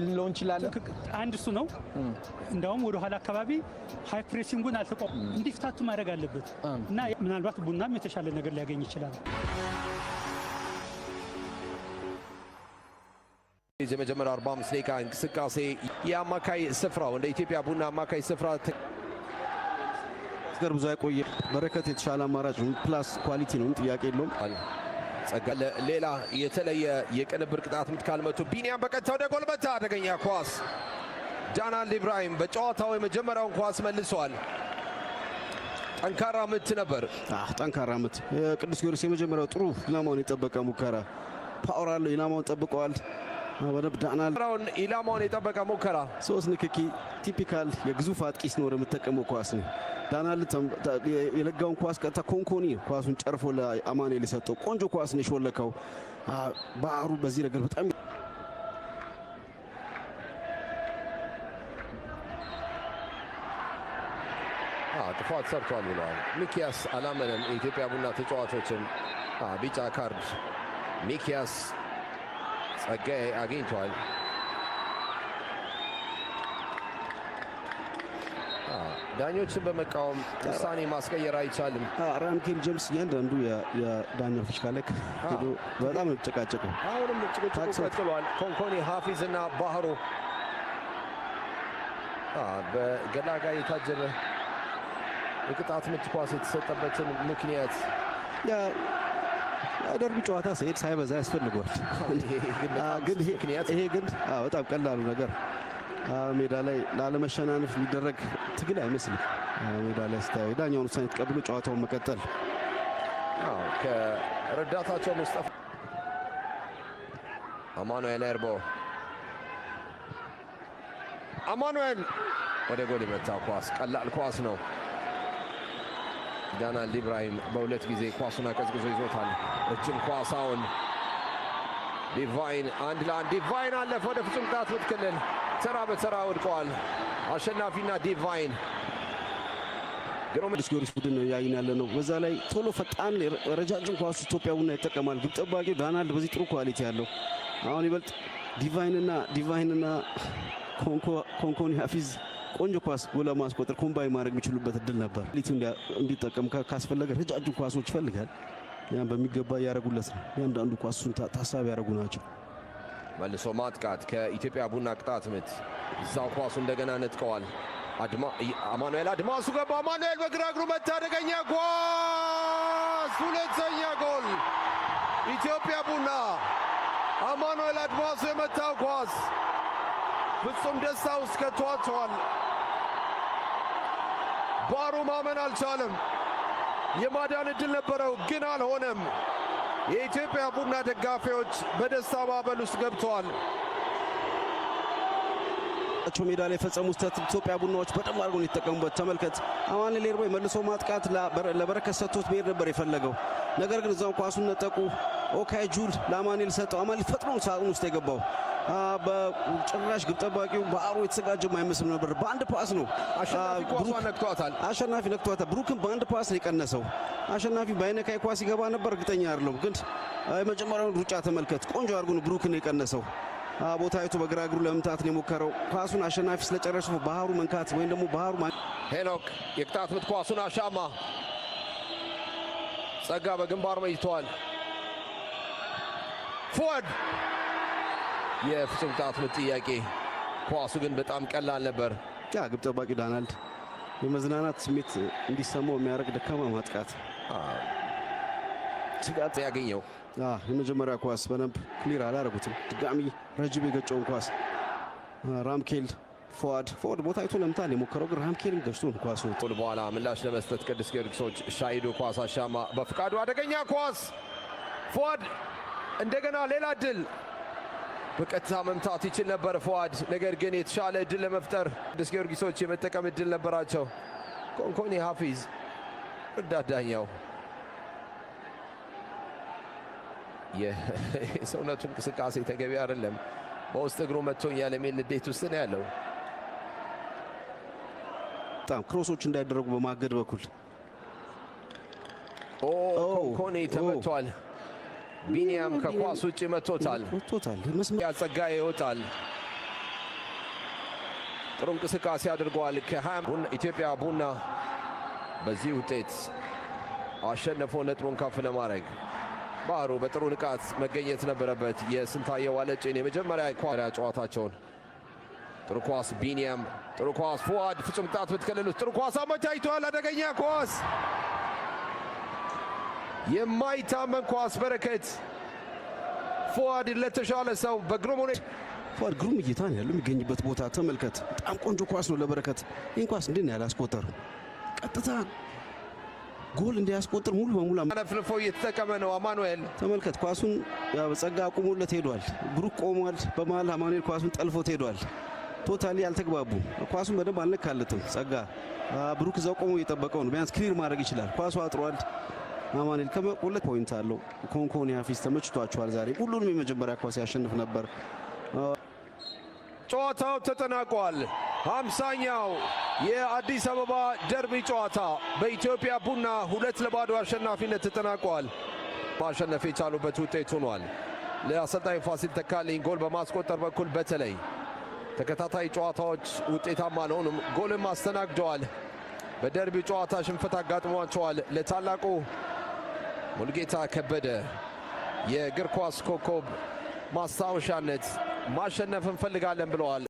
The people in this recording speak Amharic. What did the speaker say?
ልለው እንችላለን። አንድ እሱ ነው። እንዲያውም ኋላ አካባቢ ሀይ ፕሬሲንጉን አልተቋም እንዲፍታቱ ማድረግ አለበት እና ምናልባት ቡናም የተሻለ ነገር ሊያገኝ ይችላል። የመጀመሪያ 45 ደቂቃ እንቅስቃሴ የአማካይ ስፍራው እንደ ኢትዮጵያ ቡና አማካይ ስፍራ ገር ብዙ ያቆየ በረከት የተሻለ አማራጭ ፕላስ ኳሊቲ ነው፣ ጥያቄ የለውም። ጸጋ ሌላ የተለየ የቅንብር ቅጣት ምት ካልመቱ ቢኒያም በቀጥታ ወደ ጎልበታ አደገኛ ኳስ ዳናልድ ኢብራሂም በጨዋታው የመጀመሪያውን ኳስ መልሷል። ጠንካራ ምት ነበር። ጠንካራ ምት የቅዱስ ጊዮርጊስ የመጀመሪያው ጥሩ ኢናማውን የጠበቀ ሙከራ ፓወር አለው። ኢናማውን ጠብቀዋል። ወረብዳናል ራውን ኢላማውን የጠበቀ ሙከራ ሶስት ንክኪ ቲፒካል የግዙፍ አጥቂ ሲኖር የምጠቀመው ኳስ ነው። ዳናል የለጋውን ኳስ ቀጥታ ኮንኮኒ ኳሱን ጨርፎ ለአማኑኤል የሰጠው ቆንጆ ኳስ ነው የሾለከው። ባህሩ በዚህ ነገር በጣም ጥፋት ሰርቷል ብለዋል። ሚኪያስ አላመነም። የኢትዮጵያ ቡና ተጫዋቾችን ቢጫ ካርድ ሚኪያስ ጸጋዬ አግኝቷል። ዳኞችን በመቃወም ውሳኔ ማስቀየር አይቻልም። ራምኬል ጄምስ እያንዳንዱ የዳኛ ፍሽካ ላይ ሄዶ በጣም ነው ጨቃጨቁ። አሁንም ጭቅጭቁ ቀጥሏል። ኮንኮኒ ሀፊዝ እና ባህሩ በገላጋይ የታጀበ የቅጣት ምት ኳስ የተሰጠበትን ምክንያት ደርቢ ጨዋታ ሰይድ ሳይበዛ ያስፈልገዋል። ግን ይሄ ግን በጣም ቀላሉ ነገር ሜዳ ላይ ላለመሸናነፍ የሚደረግ ትግል አይመስልም። ሜዳ ላይ ስታየው ዳኛውን ውሳኔ ተቀብሎ ጨዋታውን መቀጠል ከረዳታቸው ሙስጠፋ አማኑኤል ኤርቦ አማኑኤል ወደ ጎል የመታ ኳስ ቀላል ኳስ ነው። ዳናል ኢብራሂም በሁለት ጊዜ ኳሱን አቀዝቅዞ ይዞታል። እችን ኳሳውን ዲቫይን አንድ ለአንድ ዲቫይን አለፈ ወደ ፍጹም ቅጣት ምት ክልል ተራ በተራ ወድቀዋል። አሸናፊና ዲቫይን ቅዱስ ጊዮርጊስ ቡድን ያይን ያለ ነው። በዛ ላይ ቶሎ ፈጣን ረጃጅም ኳስ ኢትዮጵያ ቡና ይጠቀማል። ግብ ጠባቂው ዳናልድ በዚህ ጥሩ ኳሊቲ ያለው አሁን ይበልጥ ዲቫይንና ዲቫይንና ኮንኮኒ ሀፊዝ ቆንጆ ኳስ ጎላ ማስቆጥር ኮምባይ ማድረግ የሚችሉበት እድል ነበር። ሊቱ እንዲጠቀም ካስፈለገ ረጃጅ ኳሶች ይፈልጋል። ያን በሚገባ እያደረጉለት ነው። ያንዳንዱ ኳሱን ታሳቢ ያደረጉ ናቸው። መልሶ ማጥቃት ከኢትዮጵያ ቡና ቅጣት ምት እዛው ኳሱ እንደገና ነጥቀዋል። አማኑኤል አድማሱ ገባ። አማኑኤል በግራ እግሩ መታ። አደገኛ ኳስ! ሁለተኛ ጎል ኢትዮጵያ ቡና። አማኑኤል አድማሱ የመታው ኳስ ፍጹም ደስታ እስከ ተዋተዋል። ባሩ ማመን አልቻለም። የማዳን ዕድል ነበረው፣ ግን አልሆነም። የኢትዮጵያ ቡና ደጋፊዎች በደስታ ማዕበል ውስጥ ገብተዋል። ቸው ሜዳ ላይ የፈጸሙት ስህተት ኢትዮጵያ ቡናዎች በደንብ አድርገው ነው የተጠቀሙበት። ተመልከት፣ አማን ሌርቦ መልሶ ማጥቃት ለበረከት ሰጥቶት መሄድ ነበር የፈለገው። ነገር ግን እዛው ኳሱን ነጠቁ። ኦካይ ጁል ለአማኔል ሰጠው። አማኔል ፈጥኖ ሳጥን ውስጥ የገባው ጭራሽ ግብ ጠባቂው በአሮ የተዘጋጀ ማይመስል ነበር። በአንድ ፓስ ነው አሸናፊ ነክቷታል። ብሩክን በአንድ ፓስ ነው የቀነሰው። አሸናፊ በአይነካይ ኳስ ይገባ ነበር፣ እርግጠኛ አይደለሁም። ግን የመጀመሪያውን ሩጫ ተመልከት። ቆንጆ አድርጎ ነው ብሩክን የቀነሰው። ቦታይቱ በግራ እግሩ ለመምታት ነው የሞከረው። ኳሱን አሸናፊ ስለጨረሱ ባህሩ መንካት ወይም ደግሞ ባህሩ ሄኖክ የቅጣት ምት ኳሱን አሻማ ጸጋ በግንባር መይተዋል ፎድ የፍጹም ቅጣት ምት ጥያቄ። ኳሱ ግን በጣም ቀላል ነበር። ያ ግብ ጠባቂ ዳናልድ የመዝናናት ስሜት እንዲሰማው የሚያደርግ ደካማ ማጥቃት ስጋት ያገኘው የመጀመሪያ ኳስ በደንብ ክሊር አላደረጉትም። ድጋሚ ረጅም የገጨውን ኳስ ራምኬል ፎዋድ ፎዋድ ቦታ አይቶ ለምታል የሞከረው ግን ራምኬልን ገጭቶ ኳሱ ኳሱ በኋላ ምላሽ ለመስጠት ቅዱስ ጊዮርጊሶች ሻሂዱ ኳስ አሻማ በፍቃዱ አደገኛ ኳስ ፎዋድ እንደገና ሌላ ድል በቀጥታ መምታት ይችል ነበር ፎዋድ። ነገር ግን የተሻለ እድል ለመፍጠር ቅዱስ ጊዮርጊሶች የመጠቀም እድል ነበራቸው። ኮንኮኒ ሀፊዝ ረዳት ዳኛው የሰውነቱ እንቅስቃሴ ተገቢ አይደለም። በውስጥ እግሩ መጥቶኛል የሚል ንዴት ውስጥ ነው ያለው። በጣም ክሮሶች እንዳይደረጉ በማገድ በኩል ኮንኮኒ ተመቷል። ቢኒያም ከኳስ ውጭ መቶታል። ያጸጋዬ ይወጣል። ጥሩ እንቅስቃሴ አድርገዋል። ኢትዮጵያ ቡና በዚህ ውጤት አሸነፎ ነጥቡን ከፍ ለማድረግ ባህሩ በጥሩ ንቃት መገኘት ነበረበት። የስንታየው ዋለጭን የመጀመሪያ ኳሪያ ጨዋታቸውን ጥሩ ኳስ ቢኒያም፣ ጥሩ ኳስ ፉአድ ፍጹም ቅጣት ብትከልሉት ጥሩ ኳስ አመቻችተዋል። አደገኛ ኳስ የማይታመን ኳስ በረከት ፎዋድ ለተሻለ ሰው በግሩም ሁኔ ፎዋድ ግሩም እይታ ነው ያለው የሚገኝበት ቦታ ተመልከት። በጣም ቆንጆ ኳስ ነው ለበረከት። ይህን ኳስ እንድን ነው አስቆጠር ቀጥታ ጎል እንዲያስቆጥር ሙሉ በሙሉ አለፍልፎ እየተጠቀመ ነው። አማኑኤል ተመልከት፣ ኳሱን ጸጋ አቁሞለት ሄዷል። ብሩክ ቆሟል። በመሀል አማኑኤል ኳሱን ጠልፎት ሄዷል። ቶታሊ አልተግባቡም። ኳሱን በደንብ አልነካለትም። ጸጋ ብሩክ እዛው ቆሞ እየጠበቀው ነው። ቢያንስ ክሊር ማድረግ ይችላል። ኳሱ አጥሯል። አማኑኤል ሁለት ፖይንት አለው። ኮንኮን ያፊዝ ተመችቷቸዋል። ዛሬ ሁሉንም የመጀመሪያ ኳስ ያሸንፍ ነበር። ጨዋታው ተጠናቋል። ሀምሳኛው የአዲስ አበባ ደርቢ ጨዋታ በኢትዮጵያ ቡና ሁለት ለባዶ አሸናፊነት ተጠናቋል። ማሸነፍ የቻሉበት ውጤት ሆኗል። ለአሰልጣኝ ፋሲል ተካልኝ ጎል በማስቆጠር በኩል በተለይ ተከታታይ ጨዋታዎች ውጤታማ አልሆኑም፣ ጎልም አስተናግደዋል። በደርቢ ጨዋታ ሽንፈት አጋጥሟቸዋል። ለታላቁ ሙልጌታ ከበደ የእግር ኳስ ኮከብ ማስታወሻነት ማሸነፍ እንፈልጋለን ብለዋል።